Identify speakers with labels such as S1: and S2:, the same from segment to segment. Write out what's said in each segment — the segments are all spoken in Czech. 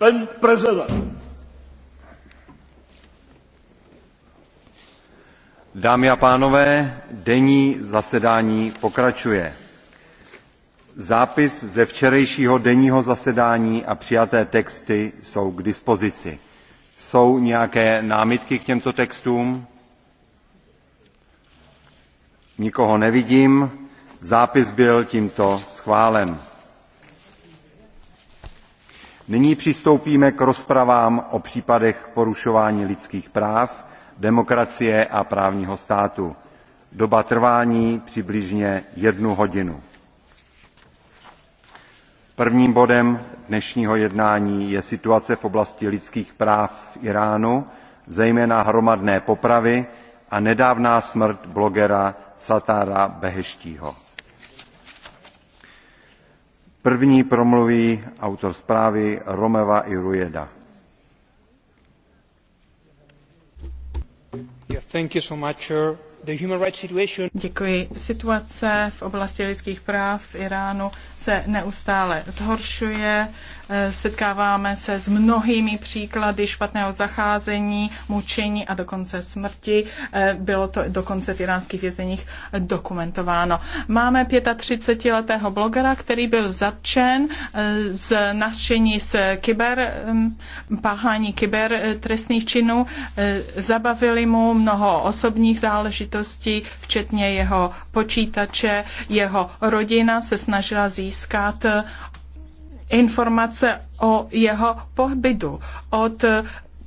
S1: Pan prezident. Dámy a pánové, denní zasedání pokračuje. Zápis ze včerejšího denního zasedání a přijaté texty jsou k dispozici. Jsou nějaké námitky k těmto textům? Nikoho nevidím. Zápis byl tímto schválen nyní přistoupíme k rozpravám o případech porušování lidských práv demokracie a právního státu. doba trvání přibližně jednu hodinu. prvním bodem dnešního jednání je situace v oblasti lidských práv v íránu zejména hromadné popravy a nedávná smrt blogera sattára beheštího. První promluví autor zprávy Romeva i Rueda.
S2: Yeah, thank you so much, sir. Děkuji. Situace v oblasti lidských práv v Iránu se neustále zhoršuje. Eh, setkáváme se s mnohými příklady špatného zacházení, mučení a dokonce smrti. Eh, bylo to dokonce v iránských vězeních dokumentováno. Máme 35-letého blogera, který byl zatčen eh, z nařčení z kyber, mm, páchání kyber trestných činů. Zabavili mu mnoho osobních záležitostí záležitostí, včetně jeho počítače, jeho rodina se snažila získat informace o jeho pohbytu od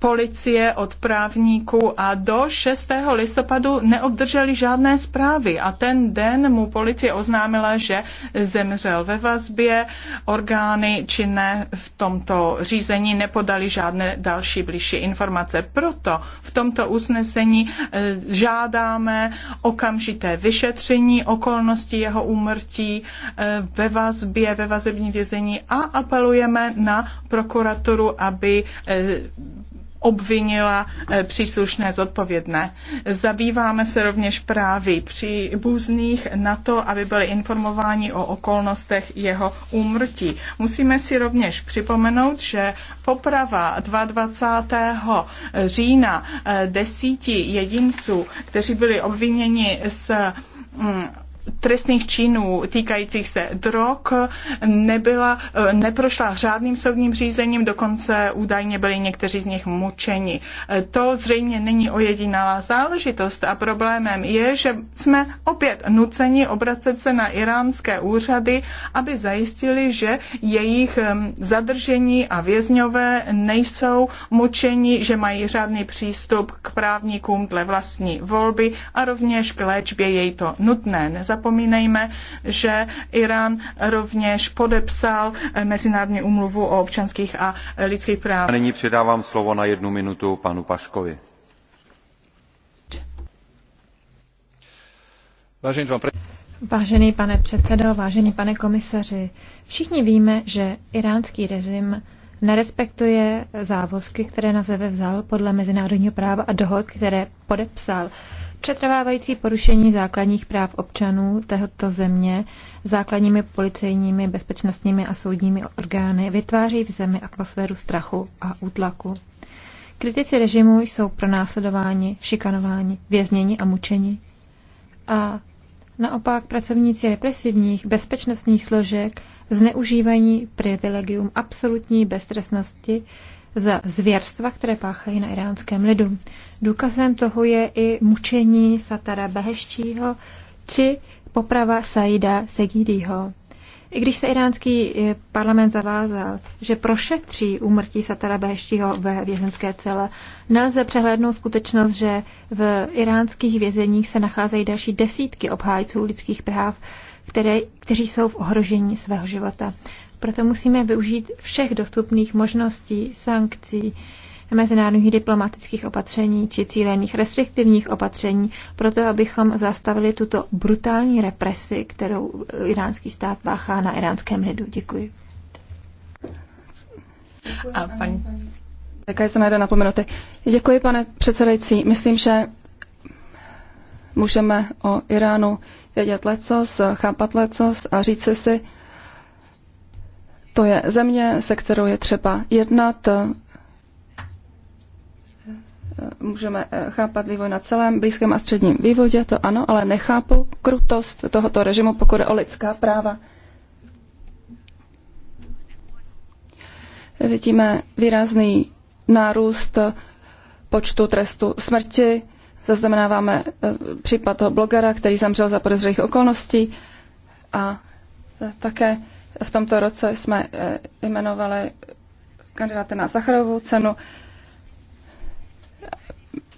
S2: policie, od právníků a do 6. listopadu neobdrželi žádné zprávy a ten den mu policie oznámila, že zemřel ve vazbě, orgány činné v tomto řízení nepodali žádné další bližší informace. Proto v tomto usnesení eh, žádáme okamžité vyšetření okolností jeho úmrtí eh, ve vazbě, ve vazební vězení a apelujeme na prokuraturu, aby eh, obvinila eh, příslušné zodpovědné. Zabýváme se rovněž právy příbuzných na to, aby byli informováni o okolnostech jeho úmrtí. Musíme si rovněž připomenout, že poprava 22. října eh, desíti jedinců, kteří byli obviněni z mm, trestných činů týkajících se drog nebyla, eh, neprošla řádným soudním řízením, dokonce údajně byli někteří z nich mučeni. Eh, to zřejmě není ojedinalá záležitost a problémem je, že jsme opět nuceni obracet se na iránské úřady, aby zajistili, že jejich eh, zadržení a vězňové nejsou mučeni, že mají řádný přístup k právníkům dle vlastní volby a rovněž k léčbě jej to nutné. Nezá nezapomínejme, že Irán rovněž podepsal Mezinárodní umluvu o občanských a lidských právech.
S1: Nyní předávám slovo na jednu minutu panu Paškovi. Vážený pan pre...
S3: Vážený pane předsedo, vážený pane komisaři, všichni víme, že iránský režim nerespektuje závazky, které na sebe vzal podle mezinárodního práva a dohod, které podepsal. Přetrvávající porušení základních práv občanů této země základními policejními, bezpečnostními a soudními orgány vytváří v zemi atmosféru strachu a útlaku. Kritici režimu jsou pronásledováni, šikanováni, vězněni a mučeni. A naopak pracovníci represivních bezpečnostních složek zneužívají privilegium absolutní beztrestnosti za zvěrstva, které páchají na iránském lidu. Důkazem toho je i mučení Satara Beheštího či poprava Saida Segidiho. I když se iránský eh, parlament zavázal, že prošetří úmrtí Satara Beheštího ve vězenské cele, nelze přehlédnout skutečnost, že v iránských vězeních se nacházejí další desítky obhájců lidských práv, které, kteří jsou v ohrožení svého života. Proto musíme využít všech dostupných možností, sankcí, mezinárodních diplomatických opatření či cílených restriktivních opatření, proto abychom zastavili tuto brutální represi, kterou eh,
S4: iránský stát páchá na iránském lidu. Děkuji. A paní, také se jeden napomenuty. Děkuji, pane předsedající. Myslím, že můžeme o Iránu vědět lecos, chápat lecos a říci si, to je země, se kterou je třeba jednat, můžeme eh, chápat vývoj na celém Blízkém a středním vývodě, to ano, ale nechápu krutost tohoto režimu, pokud je o lidská práva. Vidíme výrazný nárůst počtu trestu smrti, zaznamenáváme eh, případ toho blogera, který zemřel za podezřelých okolností a eh, také v tomto roce jsme jmenovali kandidáty na Sacharovou cenu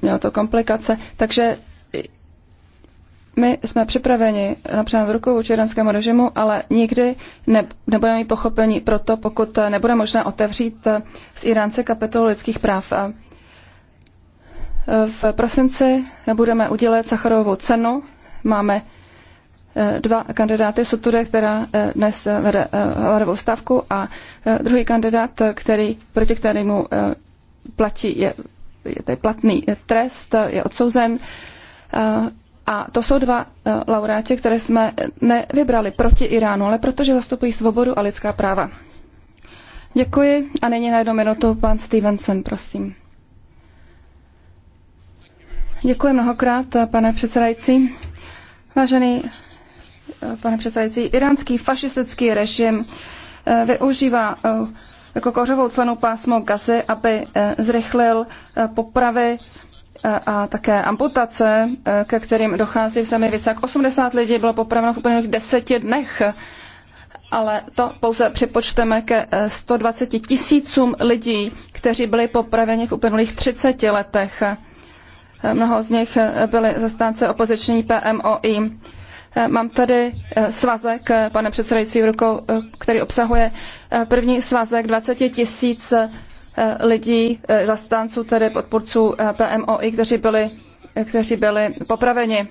S4: mělo to komplikace. Takže my jsme připraveni například v ruku vůči iránskému režimu, ale nikdy ne, nebudeme mít pochopení to, pokud nebude možné otevřít z Iránce kapitolu lidských práv. V prosinci budeme udělat Sacharovou cenu. Máme eh, dva kandidáty Sotude, která eh, dnes eh, vede hladovou stavku a druhý kandidát, který, proti kterému platí, je je to platný trest, je odsouzen. Eh, a to jsou dva eh, laureáti, které jsme nevybrali proti Iránu, ale protože zastupují svobodu a lidská práva. Děkuji a nyní na jednu minutu pan Stevenson, prosím. Děkuji mnohokrát, eh, pane předsedající. Vážený pane předsedající, iránský fašistický režim využívá kokořovou jako clenu pásmo gazy, aby eh, zrychlil eh, popravy eh, a také amputace, ke kterým dochází v zemi více jak 80 lidí, bylo popraveno v úplných deseti dnech ale to pouze připočteme ke 120 tisícům lidí, kteří byli popraveni v uplynulých 30 letech. Mnoho z nich byli zastánce opoziční PMOI. Eh, mám tady eh, svazek, eh, pane předsedající, v rukou, který obsahuje první svazek 20 tisíc lidí, zastánců, tedy podpůrců PMOI, kteří byli kteří byli popraveni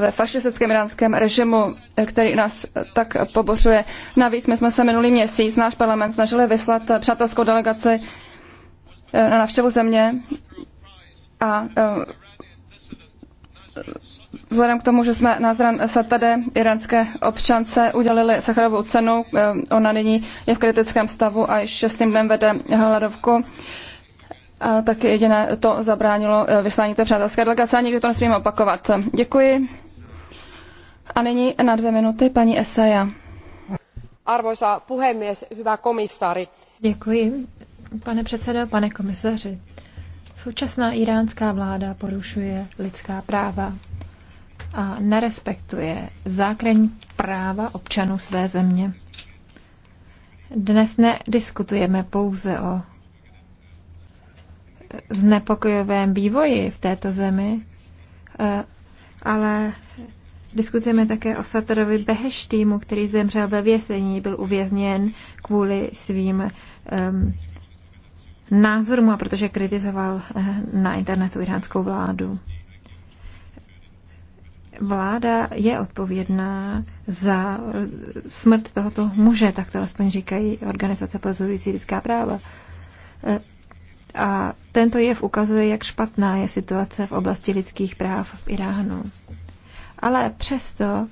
S4: ve fašistickém iránském režimu, který nás tak pobořuje. Navíc my jsme se minulý měsíc, náš parlament, snažili vyslat přátelskou delegaci na návštěvu země a vzhledem k tomu, že jsme Nazran Satade, iránské občance, udělili Sacharovou cenu, eh, ona nyní je v kritickém stavu a již šestým dnem vede hladovku, a tak jediné to zabránilo eh, vyslání té přátelské delegace a nikdy to nesmíme opakovat. Děkuji. A nyní na dvě minuty paní Esaja. Arvoisa puhemies, hyvä komisari. Děkuji,
S3: pane předsedo, pane komisaři. Současná iránská vláda porušuje lidská práva a nerespektuje základní práva občanů své země. Dnes nediskutujeme pouze o znepokojovém vývoji v této zemi, eh, ale diskutujeme také o Satorovi Beheštýmu, který zemřel ve vězení, byl uvězněn kvůli svým um, Názor má, protože kritizoval eh, na internetu iránskou vládu. Vláda je odpovědná za eh, smrt tohoto muže, tak to alespoň říkají organizace pozorující lidská práva. Eh, a tento jev ukazuje, jak špatná je situace v oblasti lidských práv v Iránu. Ale přesto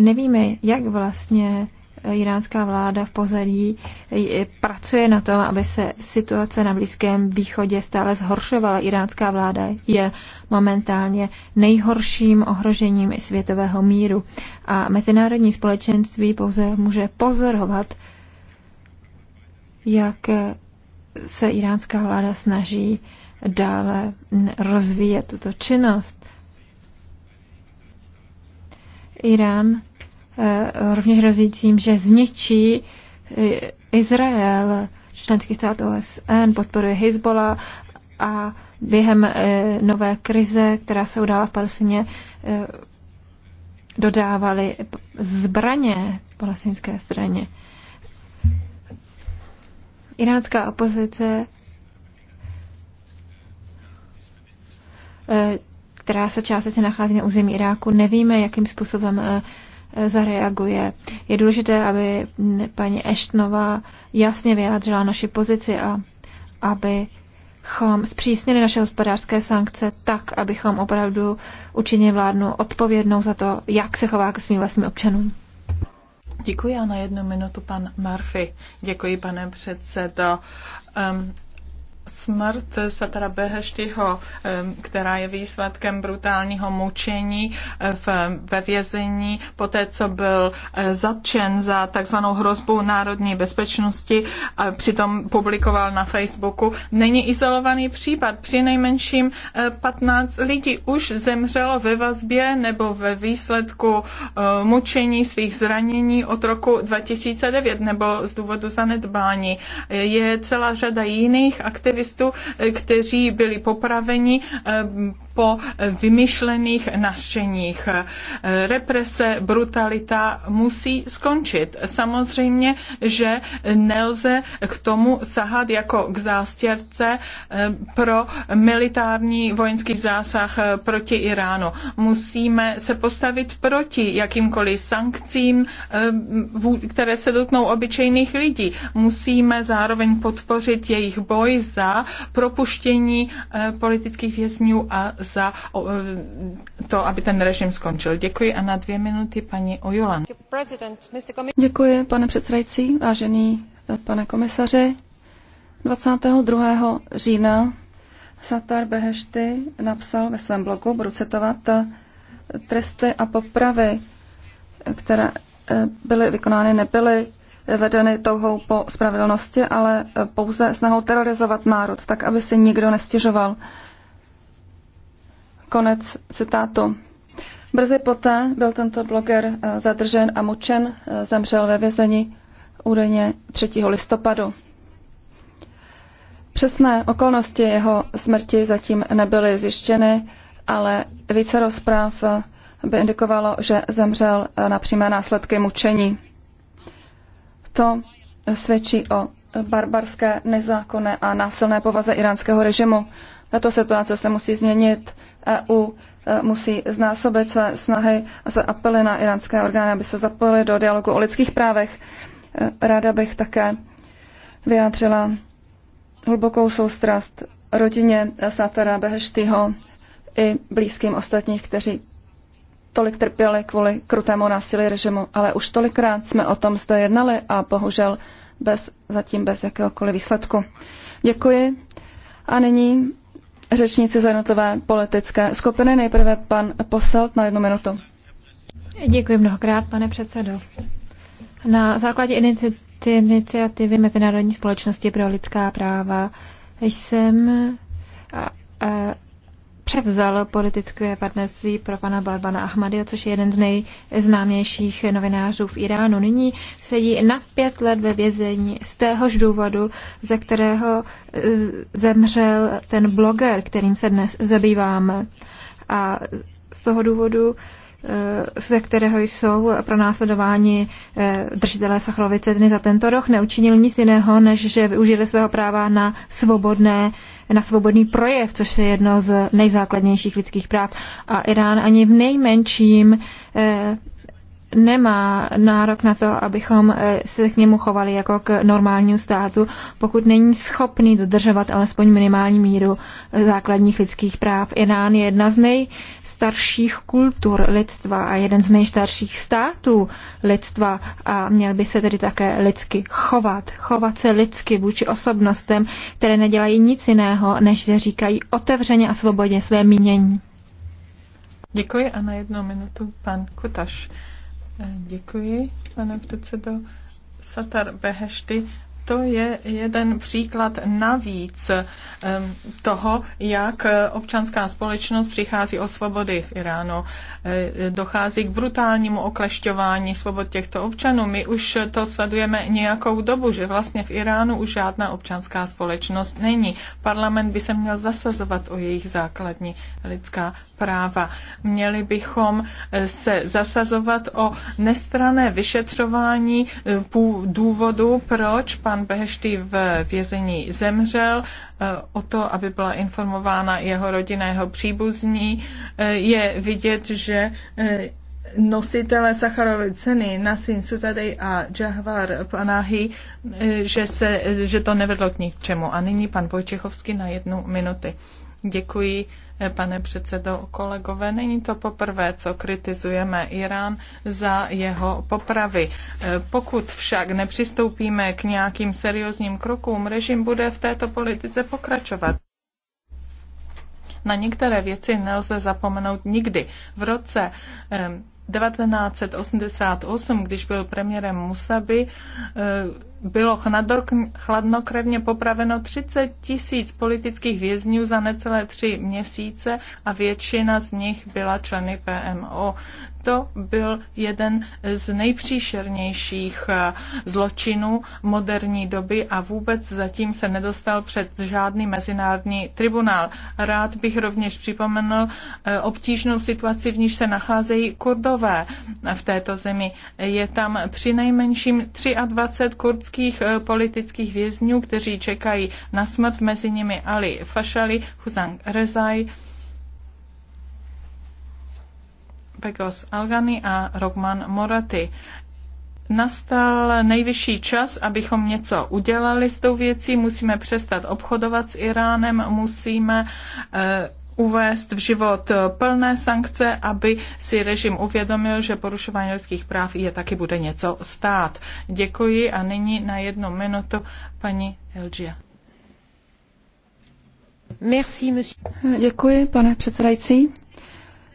S3: nevíme, jak vlastně iránská vláda v pozadí eh, pracuje na tom, aby se situace na Blízkém východě stále zhoršovala. Iránská vláda je momentálně nejhorším ohrožením světového míru a mezinárodní společenství pouze může pozorovat, jak eh, se iránská vláda snaží dále rozvíjet tuto činnost. Irán Eh, rovněž tím, že zničí eh, Izrael, členský stát OSN, podporuje Hezbola a během eh, nové krize, která se udála v Palestině, dodávali zbraně palestinské straně. Iránská opozice, která se částečně nachází na území Iráku, nevíme, jakým způsobem zareaguje. Je důležité, aby paní Eštnova jasně vyjádřila naši pozici a aby Chom zpřísnili naše hospodářské sankce tak, abychom opravdu učinili vládnu odpovědnou za to, jak se chová k svým vlastním občanům.
S2: Děkuji a na jednu minutu pan Murphy. Děkuji, pane předsedo. Um, Smrt Satara Beheštyho, která je výsledkem brutálního mučení v, ve vězení, poté co byl zatčen za takzvanou hrozbu národní bezpečnosti, a přitom publikoval na Facebooku, není izolovaný případ. Při nejmenším 15 lidí už zemřelo ve vazbě nebo ve výsledku mučení svých zranění od roku 2009 nebo z důvodu zanedbání. Je celá řada jiných aktivit, aktivistů, eh, kteří byli popraveni eh, po vymyšlených nařčeních. Represe, brutalita musí skončit. Samozřejmě, že nelze k tomu sahat jako k zástěrce eh, pro militární vojenský zásah eh, proti Iránu. Musíme se postavit proti jakýmkoliv sankcím, eh, které se dotknou obyčejných lidí. Musíme zároveň podpořit jejich boj za propuštění politických vězňů a za e, to, aby ten režim skončil. Děkuji a na dvě minuty paní Ojulan.
S4: Děkuji, pane předsedající, vážený e, pane komisaři. 22. října Satar Behešty napsal ve svém blogu, budu citovat, e, tresty a popravy, které byly vykonány, nebyly vedeny touhou po spravedlnosti, ale pouze snahou terorizovat národ, tak aby si nikdo nestěžoval. Konec citátu. Brzy poté byl tento bloger eh, zadržen a mučen, eh, zemřel ve vězení údajně 3. listopadu. Přesné okolnosti jeho smrti zatím nebyly zjištěny, ale více rozpráv eh, by indikovalo, že zemřel na přímé následky mučení. To svědčí o barbarské, nezákonné a násilné povaze iránského režimu. Tato situace se musí změnit. EU e, musí znásobit své snahy a své apely na iránské orgány, aby se zapojili do dialogu o lidských právech. E, ráda bych také vyjádřila hlubokou soustrast rodině Satara Beheštyho i blízkým ostatních, kteří tolik trpěli kvůli krutému násilí režimu, ale už tolikrát jsme o tom zde jednali a bohužel bez, zatím bez jakéhokoliv výsledku. Děkuji. A nyní řečníci za jednotlivé politické skupiny. Nejprve pan Poselt na jednu minutu. Děkuji mnohokrát, pane předsedo.
S3: Na základě iniciativy Mezinárodní společnosti pro lidská práva jsem převzal politické partnerství pro pana Balbana Ahmadia, což je jeden z nejznámějších novinářů v Iránu. Nyní sedí na pět let ve vězení z téhož důvodu, ze kterého zemřel ten bloger, kterým se dnes zabýváme. A z toho důvodu eh, ze kterého jsou pro následování eh, držitelé Sachlovice dny za tento rok, neučinil nic jiného, než že využili svého práva na svobodné na svobodný projev, což je jedno z nejzákladnějších lidských práv. A Irán ani v nejmenším eh, nemá nárok na to, abychom eh, se k němu chovali jako k normálnímu státu, pokud není schopný dodržovat alespoň minimální míru eh, základních lidských práv. Irán je jedna z nejstarších kultur lidstva a jeden z nejstarších států lidstva a měl by se tedy také lidsky chovat. Chovat se lidsky vůči osobnostem, které nedělají nic jiného, než že říkají otevřeně a svobodně své mínění.
S2: Děkuji a na jednu minutu pan Kutaš. Děkuji, pane předsedo. Satar Beheshti, to je jeden příklad navíc ehm, toho, jak eh, občanská společnost přichází o svobody v Iránu. Eh, dochází k brutálnímu oklešťování svobod těchto občanů. My už to sledujeme nějakou dobu, že vlastně v Iránu už žádná občanská společnost není. Parlament by se měl zasazovat o jejich základní lidská práva. Měli bychom eh, se zasazovat o nestrané vyšetřování důvodu, proč pan Behešty v vězení zemřel, eh, o to, aby byla informována jeho rodina, jeho příbuzní, eh, je vidět, že eh, nositele Sacharovy ceny Nasin Sutadej a Jahvar Panahy, že, se, že to nevedlo k ničemu. A nyní pan Vojčechovský na jednu minuty. Děkuji pane předsedo, kolegové. Není to poprvé, co kritizujeme Irán za jeho popravy. E, pokud však nepřistoupíme k nějakým seriózním krokům, režim bude v této politice pokračovat. Na některé věci nelze zapomenout nikdy. V roce 1988, e, když byl premiérem Musabi, e, bylo chladnokrevně popraveno 30 tisíc politických vězňů za necelé tři měsíce a většina z nich byla členy PMO to byl jeden z nejpříšernějších eh, zločinů moderní doby a vůbec zatím se nedostal před žádný mezinárodní tribunál. Rád bych rovněž připomenul eh, obtížnou situaci, v níž se nacházejí kurdové v této zemi. Je tam při nejmenším 23 kurdských eh, politických vězňů, kteří čekají na smrt, mezi nimi Ali Fashali, Huzang Rezai, Pekos Algany a Rogman Moraty. Nastal nejvyšší čas, abychom něco udělali s tou věcí. Musíme přestat obchodovat s Iránem, musíme e, uvést v život plné sankce, aby si režim uvědomil, že porušování lidských práv je taky bude něco stát. Děkuji a nyní na jednu minutu paní Elgia.
S4: Merci, monsieur. Děkuji, pane předsedající.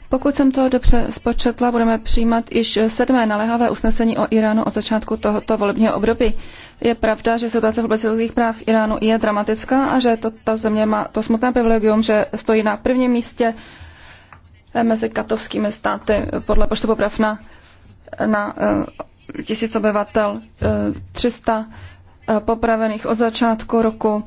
S4: Pokud jsem to dobře spočetla, budeme přijímat již sedmé naléhavé usnesení o Iránu od začátku tohoto volebního období. Je pravda, že situace v oblasti lidských práv v Iránu je dramatická a že to, ta země má to smutné privilegium, že stojí na prvním místě mezi katovskými státy podle počtu poprav na, na eh, tisíc obyvatel, 300 eh, eh, popravených od začátku roku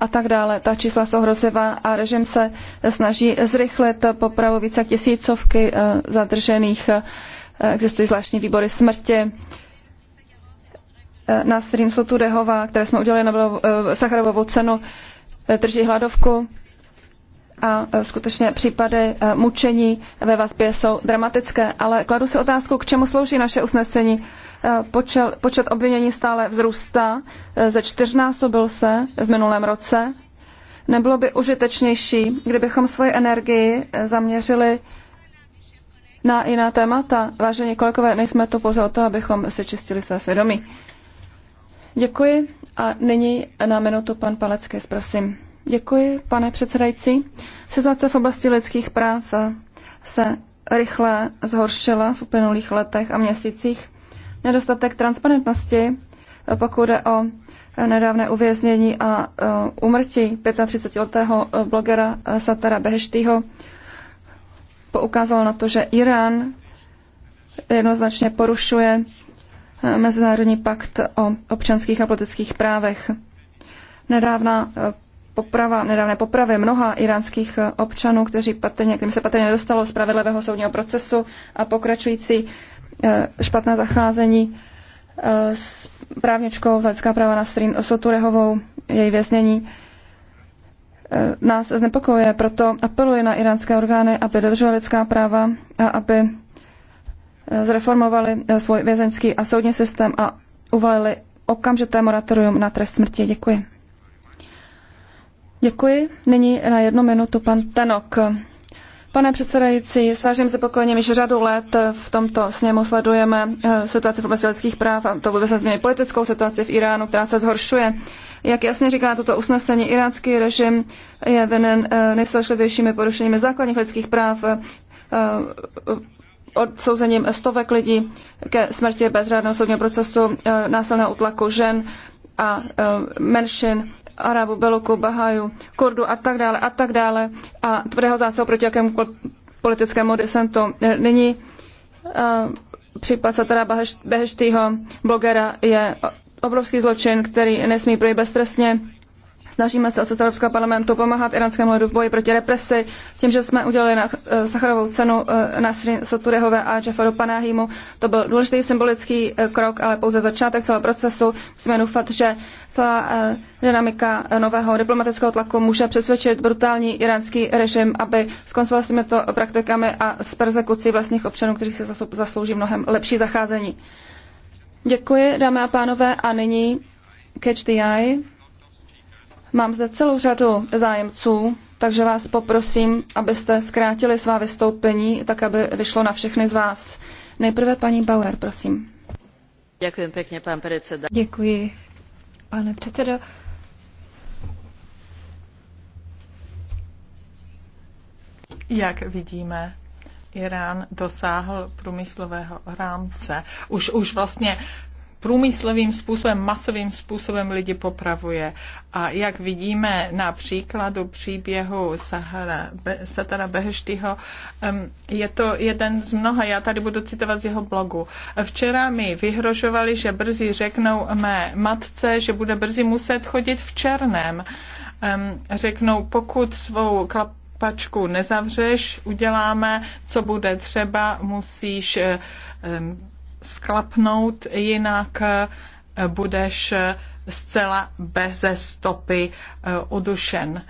S4: a tak dále. Ta čísla jsou hrozivá a režim se snaží zrychlit popravu více jak tisícovky eh, zadržených. Eh, existují zvláštní výbory smrti. Eh, Sotu Dehova, které jsme udělali na Sacharovou cenu, drží hladovku a skutečně případy mučení ve vazbě jsou dramatické. Ale kladu si otázku, k čemu slouží naše usnesení Eh, počel, počet obvinění stále vzrůstá, eh, ze čtyřnásobil se v minulém roce. Nebylo by užitečnější, kdybychom svoji energii eh, zaměřili na jiná témata. Vážení kolegové, nejsme tu pouze o to, abychom si čistili své svědomí. Děkuji a nyní na minutu pan Palecký, prosím. Děkuji, pane předsedající. Situace v oblasti lidských práv se rychle zhoršila v uplynulých letech a měsících nedostatek transparentnosti, eh, pokud jde o eh, nedávné uvěznění a umrtí eh, 35-letého blogera Satara Beheštýho, poukázalo na to, že Irán jednoznačně porušuje Mezinárodní pakt o občanských a politických právech. Nedávná poprava, nedávné popravy mnoha iránských občanů, kteří patrně, kterým se patrně nedostalo z spravedlivého soudního procesu a pokračující Eh, špatné zacházení eh, s právničkou z lidská práva na Strín rehovou její věznění eh, nás znepokojuje, proto apeluji na iránské orgány, aby dodržovaly lidská práva a aby zreformovali svůj vězeňský a soudní systém a uvalili okamžité moratorium na trest smrti. Děkuji. Děkuji. Nyní na jednu minutu pan Tenok. Pane předsedající, s vážným znepokojením již řadu let v tomto sněmu sledujeme eh, situaci v oblasti lidských práv a to vůbec nezmění politickou situaci v Iránu, která se zhoršuje. Jak jasně říká toto usnesení, iránský režim je vinen eh, nejstrašlivějšími porušeními základních lidských práv, eh, odsouzením stovek lidí ke smrti bez řádného soudního procesu, násilného utlaku žen a menšin Arabu, Beloku, Bahaju, Kurdu a tak dále a tak dále a tvrdého zásahu proti jakému politickému desentu. E, nyní uh, případ Satara Beheštýho blogera, je obrovský zločin, který nesmí projít beztrestně Snažíme se od Evropského parlamentu pomáhat iránskému lidu v boji proti represi, tím, že jsme udělali na eh, Sacharovou cenu eh, Nasrin Soturehové a Jefferu Panahimu. To byl důležitý symbolický eh, krok, ale pouze začátek celého procesu. Musíme doufat, že celá dynamika nového diplomatického tlaku může přesvědčit brutální iránský režim, aby skoncoval s těmito praktikami a s persekucí vlastních občanů, kteří se zaslouží mnohem lepší zacházení. Děkuji, dámy a pánové, a nyní Catch the Eye. Mám zde celou řadu zájemců, takže vás poprosím, abyste zkrátili svá vystoupení, tak aby vyšlo na všechny z vás. Nejprve paní Bauer, prosím.
S3: Děkuji pěkně, pan předseda.
S4: Děkuji, pane předsedo.
S2: Jak vidíme, Irán dosáhl průmyslového rámce. Už, už vlastně průmyslovým způsobem, masovým způsobem lidi popravuje. A jak vidíme na příkladu příběhu Sahara, Be, Satara Beheštyho, je to jeden z mnoha, já tady budu citovat z jeho blogu. Včera mi vyhrožovali, že brzy řeknou mé matce, že bude brzy muset chodit v černém. Řeknou, pokud svou klap pačku nezavřeš, uděláme, co bude třeba, musíš um, sklapnout, jinak eh, budeš eh, zcela beze stopy eh, udušen.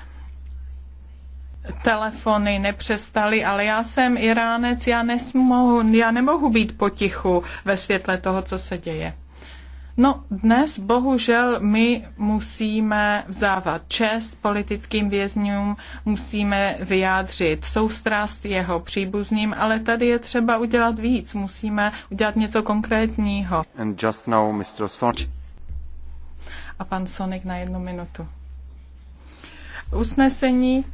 S2: Telefony nepřestaly, ale já jsem Iránec, já, nesmohu, já nemohu být potichu ve světle toho, co se děje. No, dnes bohužel my musíme vzávat čest politickým vězňům, musíme vyjádřit soustrast jeho příbuzným, ale tady je třeba udělat víc, musíme udělat něco konkrétního.
S1: And just now, Mr. Son-
S2: A pan Sonik na jednu minutu. Usnesení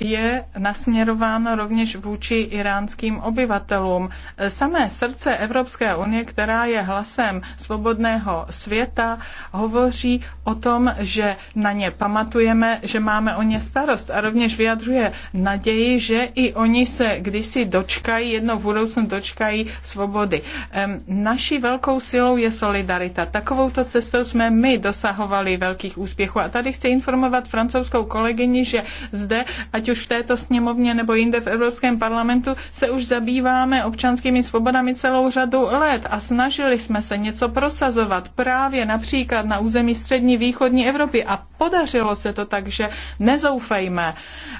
S2: je nasměrováno rovněž vůči iránským obyvatelům. Samé srdce Evropské unie, která je hlasem svobodného světa, hovoří o tom, že na ně pamatujeme, že máme o ně starost a rovněž vyjadřuje naději, že i oni se kdysi dočkají, jednou v budoucnu dočkají svobody. Naší velkou silou je solidarita. Takovouto cestou jsme my dosahovali velkých úspěchů. A tady chci informovat francouzskou kolegyni, že zde, ať už v této sněmovně nebo jinde v Evropském parlamentu, se už zabýváme občanskými svobodami celou řadu let a snažili jsme se něco prosazovat právě například na území střední východní Evropy a podařilo se to tak, že nezoufejme.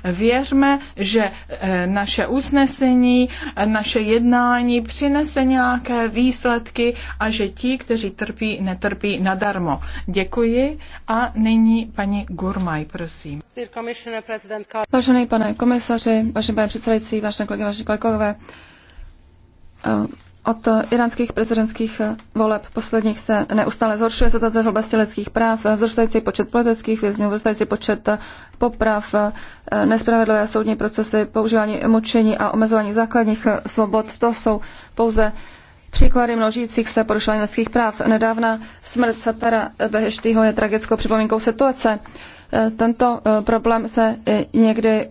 S2: Věřme, že eh, naše usnesení, eh, naše jednání přinese nějaké výsledky a že ti, kteří trpí, netrpí nadarmo. Děkuji a nyní paní Gurmaj, prosím.
S4: Vážený Vážený pane komisaři, vážený pane předsedající, vážené kolegy, vážení kolegové, eh, od iránských prezidentských eh, voleb posledních se neustále zhoršuje situace v oblasti lidských práv, eh, vzrůstající počet politických vězňů, vzrůstající počet poprav, nespravedlivé soudní procesy, používání mučení a omezování základních svobod. To jsou pouze Příklady množících se porušování lidských práv. Nedávna smrt Satara Beheštyho je tragickou připomínkou situace. Eh, tento eh, problém se eh, někdy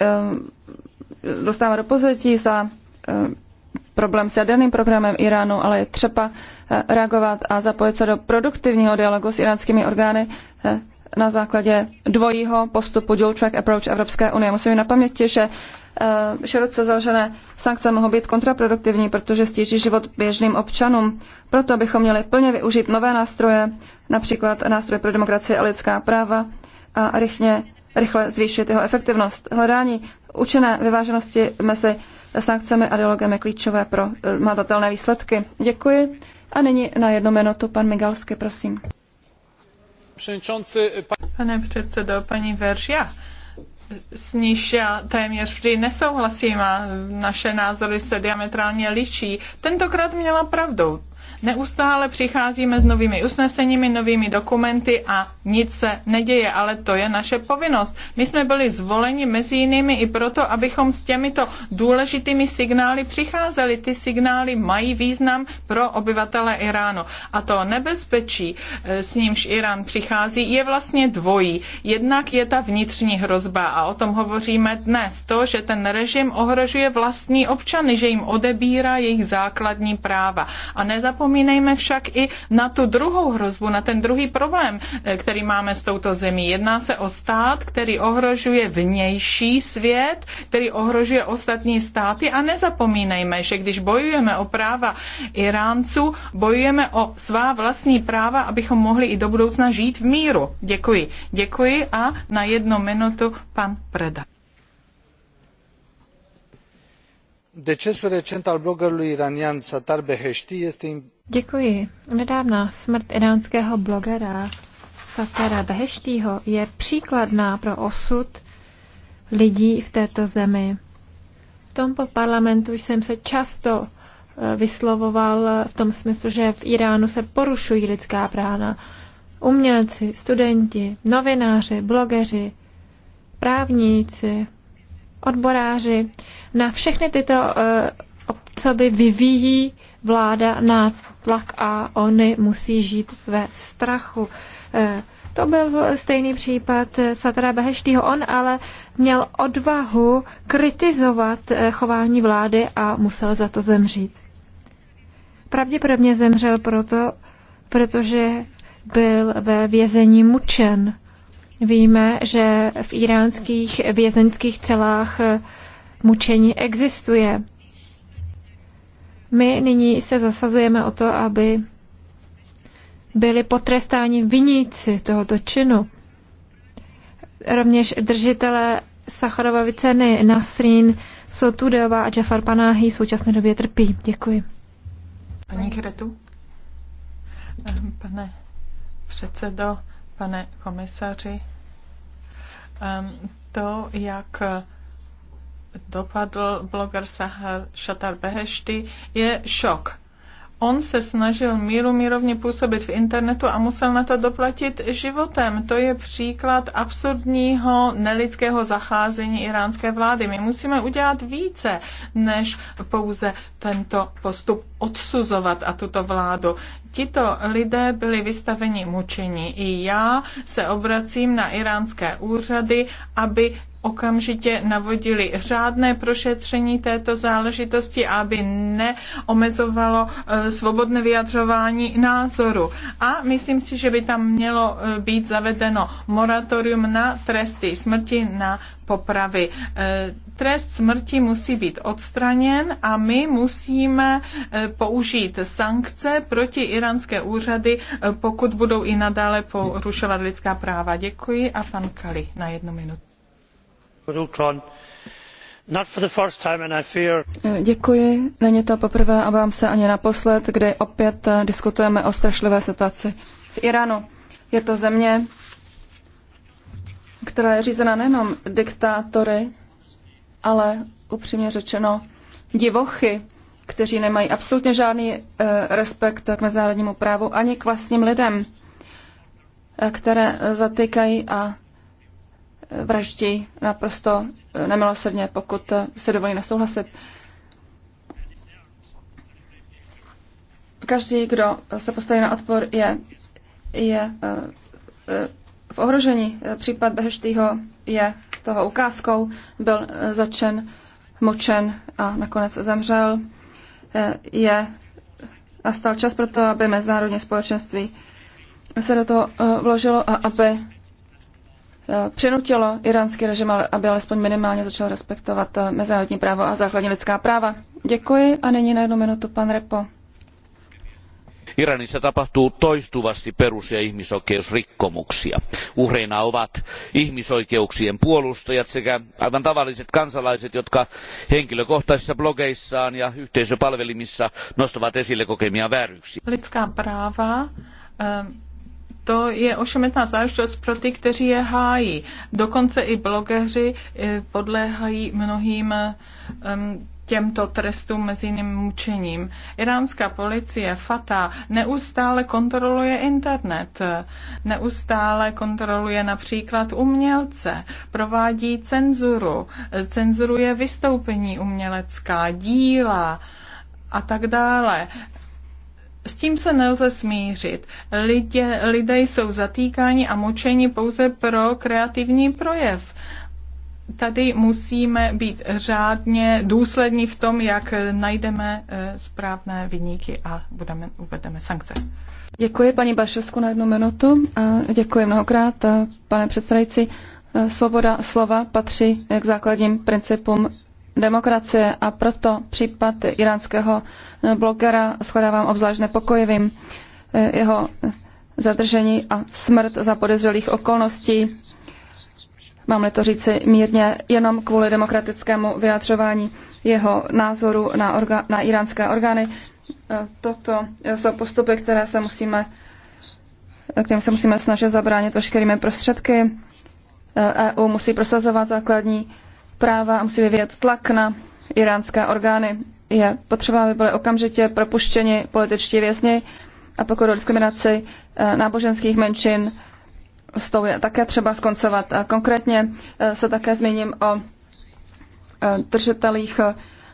S4: dostává do pozadí za problém s jaderným programem Iránu, ale je třeba reagovat a zapojit se do produktivního dialogu s iránskými orgány na základě dvojího postupu dual track approach Evropské unie. Musíme na paměti, že široce založené sankce mohou být kontraproduktivní, protože stíží život běžným občanům. Proto bychom měli plně využít nové nástroje, například nástroje pro demokracii a lidská práva, a rychle, rychle zvýšit jeho efektivnost. Hledání učené vyváženosti mezi sankcemi a dialogem je klíčové pro eh, matatelné výsledky. Děkuji. A nyní na jednu minutu pan Migalsky, prosím.
S2: Eh, Pane předsedo, paní Veržia, s níž já téměř vždy nesouhlasím a naše názory se diametrálně liší. Tentokrát měla pravdu. Neustále přicházíme s novými usneseními, novými dokumenty a nic se neděje, ale to je naše povinnost. My jsme byli zvoleni mezi jinými i proto, abychom s těmito důležitými signály přicházeli. Ty signály mají význam pro obyvatele Iránu. A to nebezpečí, eh, s nímž Irán přichází, je vlastně dvojí. Jednak je ta vnitřní hrozba a o tom hovoříme dnes. To, že ten režim ohrožuje vlastní občany, že jim odebírá jejich základní práva. A nezapomínáme. Nezapomínejme však i na tu druhou hrozbu, na ten druhý problém, eh, který máme s touto zemí. Jedná se o stát, který ohrožuje vnější svět, který ohrožuje ostatní státy a nezapomínejme, že když bojujeme o práva Iránců, bojujeme o svá vlastní práva, abychom mohli i do budoucna žít v míru. Děkuji. Děkuji a na jednu minutu pan Preda.
S1: decesul recent al bloggerului iranian sattar beheshti este.
S3: Děkuji. Nedávná smrt iránského blogera Satara Beheštího je příkladná pro osud lidí v této zemi. V tomto parlamentu jsem se často eh, vyslovoval v tom smyslu, že v Iránu se porušují lidská práva. Umělci, studenti, novináři, blogeři, právníci, odboráři na všechny tyto eh, obce by vyvíjí vláda na tlak a oni musí žít ve strachu. Eh, to byl stejný případ Satara Beheštýho. On ale měl odvahu kritizovat eh, chování vlády a musel za to zemřít. Pravděpodobně zemřel proto, protože byl ve vězení mučen. Víme, že v iránských vězeňských celách mučení existuje. My nyní se zasazujeme o to, aby byli potrestáni viníci tohoto činu. Rovněž držitele Sacharovovy ceny Nasrin Sotudeva a Jafar Panahi v současné době trpí. Děkuji.
S2: Paní Kretu? Ehm, pane předsedo, pane komisaři, ehm, to, jak dopadl bloger Sahar Šatar Behešty, je šok. On se snažil míru mírovně působit v internetu a musel na to doplatit životem. To je příklad absurdního nelidského zacházení iránské vlády. My musíme udělat více, než pouze tento postup odsuzovat a tuto vládu. Tito lidé byli vystaveni mučení. I já se obracím na iránské úřady, aby okamžitě navodili řádné prošetření této záležitosti, aby neomezovalo eh, svobodné vyjadřování názoru. A myslím si, že by tam mělo eh, být zavedeno moratorium na tresty smrti, na popravy. Eh, trest smrti musí být odstraněn a my musíme použít sankce proti iránské úřady, pokud budou i nadále porušovat lidská práva. Děkuji a pan Kali na jednu minutu.
S4: Eh, děkuji. Není to poprvé, a obávám se ani naposled, kdy opět eh, diskutujeme o strašlivé situaci v Iránu. Je to země, která je řízena nejenom diktátory, ale upřímně řečeno divochy, kteří nemají absolutně žádný eh, respekt k mezinárodnímu právu ani k vlastním lidem, které zatýkají a vraždí naprosto nemilosrdně, pokud se dovolí nesouhlasit. Každý, kdo se postaví na odpor, je, je eh, v ohrožení. Případ Beheštýho je toho ukázkou, byl začen, močen a nakonec zemřel. Eh, je nastal čas pro to, aby mezinárodní společenství se do toho eh, vložilo a aby Eh, přinutilo iránský režim, aby alespoň minimálně začal respektovat eh, mezinárodní právo a základní lidská práva. Děkuji a nyní na jednu minutu pan Repo.
S1: Iranissa tapahtuu toistuvasti perus- ja ihmisoikeusrikkomuksia. Uhreina
S2: ovat ihmisoikeuksien puolustajat sekä aivan tavalliset kansalaiset, jotka henkilökohtaisissa blogeissaan ja yhteisöpalvelimissa nostavat esille kokemia vääryksiä. Lidská práva, eh, to je ošemetná záležitost pro ty, kteří je hájí. Dokonce i blogeři eh, podléhají mnohým ehm, těmto trestům mezi jiným mučením. Iránská policie Fata neustále kontroluje internet, neustále kontroluje například umělce, provádí cenzuru, cenzuruje vystoupení umělecká, díla a tak dále. S tím se nelze smířit. Lidé, lidé jsou zatýkáni a mučeni pouze pro kreativní projev. Tady musíme být řádně důslední v tom, jak najdeme eh, správné vyníky a budeme, uvedeme sankce.
S4: Děkuji paní Bašovsku na jednu minutu a děkuji mnohokrát, pane předsedající. Eh, svoboda slova patří k základním principům demokracie a proto případ iránského eh, blogera shledávám obzvlášť nepokojivým. Eh, jeho zadržení a smrt za podezřelých okolností, mám to říci mírně, jenom kvůli demokratickému vyjadřování jeho názoru na, orga- na iránské orgány. Eh, toto jsou postupy, které se musíme, kterým se musíme snažit zabránit veškerými prostředky. EU e musí prosazovat základní práva a musí vyvíjet tlak na iránské orgány. Je potřeba, aby byly okamžitě propuštěni političtí vězni a pokud o diskriminaci eh, náboženských menšin s tou je také třeba skoncovat. A konkrétně eh, se také zmíním o eh, držitelích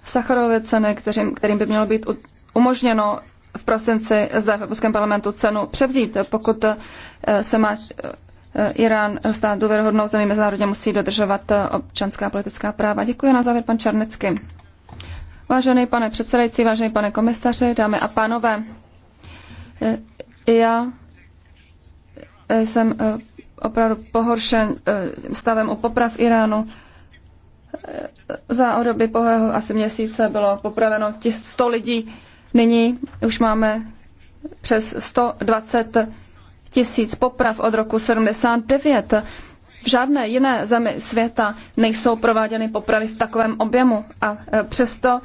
S4: Sacharovy ceny, kterým, kterým by mělo být umožněno v prosinci zde v Evropském parlamentu cenu převzít, pokud se má Eh, Irán stát důvěryhodnou, zemí mezinárodně musí dodržovat eh, občanská a politická práva. Děkuji na závěr pan Čarnecky. Vážený pane předsedající, vážený pane komisaři, dámy a pánové, eh, já jsem opravdu pohoršen stavem u poprav Iránu. Za období pohého asi měsíce bylo popraveno 100 lidí. Nyní už máme přes 120 tisíc poprav od roku 79. V žádné jiné zemi světa nejsou prováděny popravy v takovém objemu a e, přesto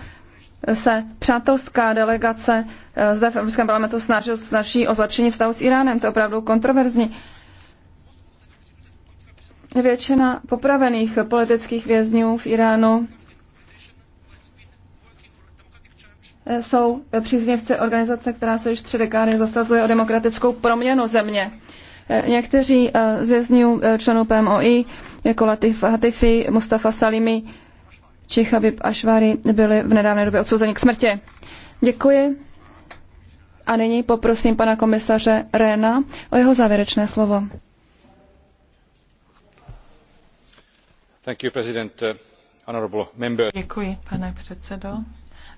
S4: se přátelská delegace e, zde v Evropském parlamentu snaží, snaží o zlepšení vztahu s Iránem. To je opravdu kontroverzní. Většina popravených politických vězňů v Iránu jsou příznivci organizace, která se již tři dekády zasazuje o demokratickou proměnu země. Eh, někteří eh, z vězňů eh, členů PMOI, jako Latif Hatifi, Mustafa Salimi či Chabib Ašvary, byli v nedávné době odsouzeni k smrti. Děkuji. A nyní poprosím pana komisaře Réna o jeho závěrečné slovo.
S1: Thank you, President. Honorable Děkuji,
S2: pane předsedo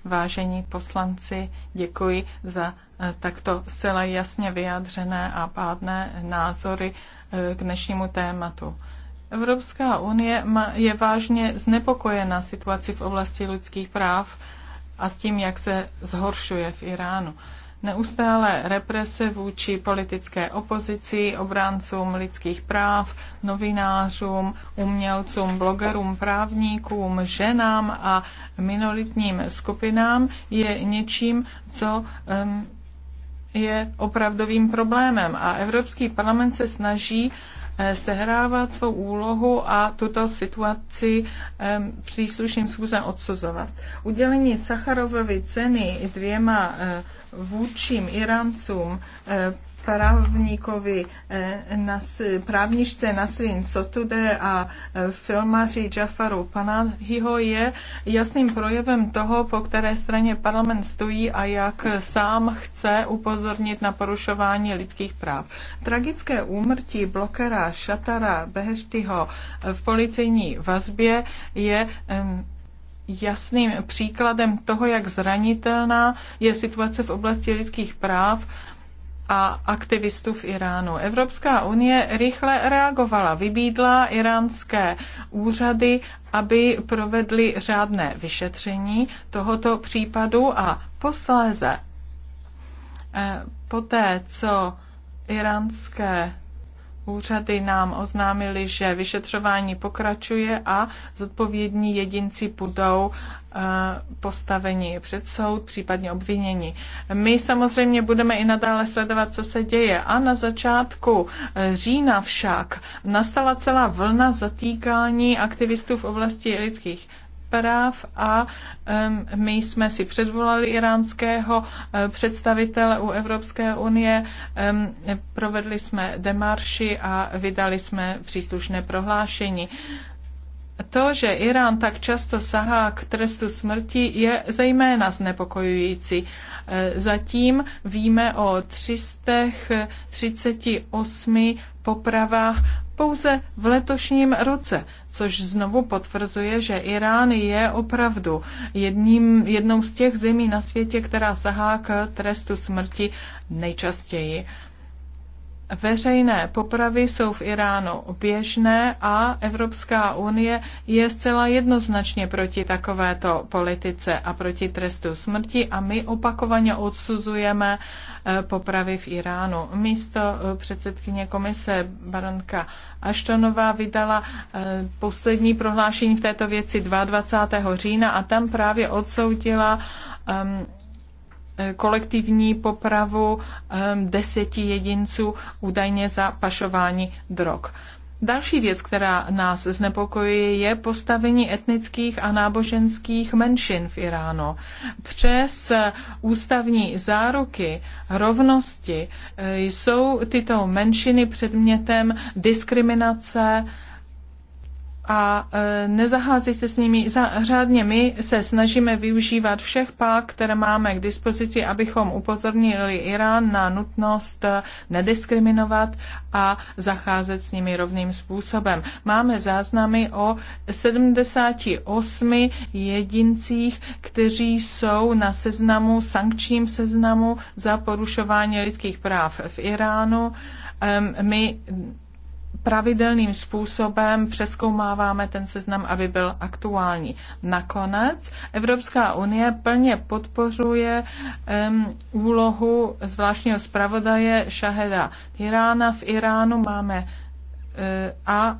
S2: vážení poslanci, děkuji za eh, takto zcela jasně vyjádřené a pádné názory eh, k dnešnímu tématu. Evropská unie je vážně znepokojena situací v oblasti lidských práv a s tím, jak se zhoršuje v Iránu. Neustále represe vůči politické opozici, obráncům lidských práv, novinářům, umělcům, blogerům, právníkům, ženám a minoritním skupinám je něčím, co um, je opravdovým problémem. A Evropský parlament se snaží uh, Eh, sehrávat svou úlohu a tuto situaci příslušným způsobem odsuzovat. Udělení Sacharovovy ceny dvěma eh, vůdčím Irancům eh, právníkovi, eh, na právničce Nasrin Sotude a eh, filmaři Jafaru Panahiho je jasným projevem toho, po které straně parlament stojí a jak sám chce upozornit na porušování lidských práv. Tragické úmrtí blokera Šatara Beheštyho v policejní vazbě je jasným příkladem toho, jak zranitelná je situace v oblasti lidských práv a aktivistů v Iránu. Evropská unie rychle reagovala, vybídla iránské úřady, aby provedli řádné vyšetření tohoto případu a posléze eh, poté, co iránské Úřady nám oznámili, že vyšetřování pokračuje a zodpovědní jedinci budou eh, postaveni před soud, případně obvinění. My samozřejmě budeme i nadále sledovat, co se děje. A na začátku eh, října však nastala celá vlna zatýkání aktivistů v oblasti lidských zpráv a my jsme si předvolali iránského eh, představitele u Evropské unie, provedli jsme demarši a vydali jsme příslušné prohlášení. To, že Irán tak často sahá k trestu smrti, je zejména znepokojující. Eh, zatím víme o 338 popravách pouze v letošním roce, což znovu potvrzuje, že Irán je opravdu jedním, jednou z těch zemí na světě, která sahá k trestu smrti nejčastěji. Veřejné popravy jsou v Iránu běžné a Evropská unie je zcela jednoznačně proti takovéto politice a proti trestu smrti a my opakovaně odsuzujeme eh, popravy v Iránu. Místo eh, předsedkyně komise baronka Aštonová vydala eh, poslední prohlášení v této věci 22. října a tam právě odsoudila um, Eh, kolektivní popravu ehm, deseti jedinců údajně za pašování drog. Další věc, která nás znepokojuje, je postavení etnických a náboženských menšin v Iránu. Přes ústavní záruky rovnosti eh, jsou tyto menšiny předmětem diskriminace, a e, nezaházejte s nimi za, řádně. My se snažíme využívat všech pák, které máme k dispozici, abychom upozornili Irán na nutnost e, nediskriminovat a zacházet s nimi rovným způsobem. Máme záznamy o 78 jedincích, kteří jsou na seznamu, sankčním seznamu za porušování lidských práv v Iránu. My pravidelným způsobem přeskoumáváme ten seznam, aby byl aktuální. Nakonec Evropská unie plně podpořuje um, úlohu zvláštního zpravodaje Šaheda Irána. V Iránu máme uh, a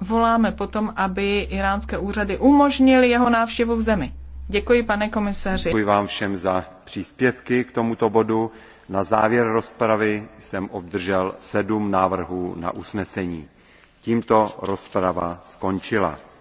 S2: voláme potom, aby iránské úřady umožnili jeho návštěvu v zemi. Děkuji, pane komisaři. Děkuji
S1: vám všem za příspěvky k tomuto bodu na závěr rozpravy jsem obdržel sedm návrhů na usnesení. tímto rozprava skončila.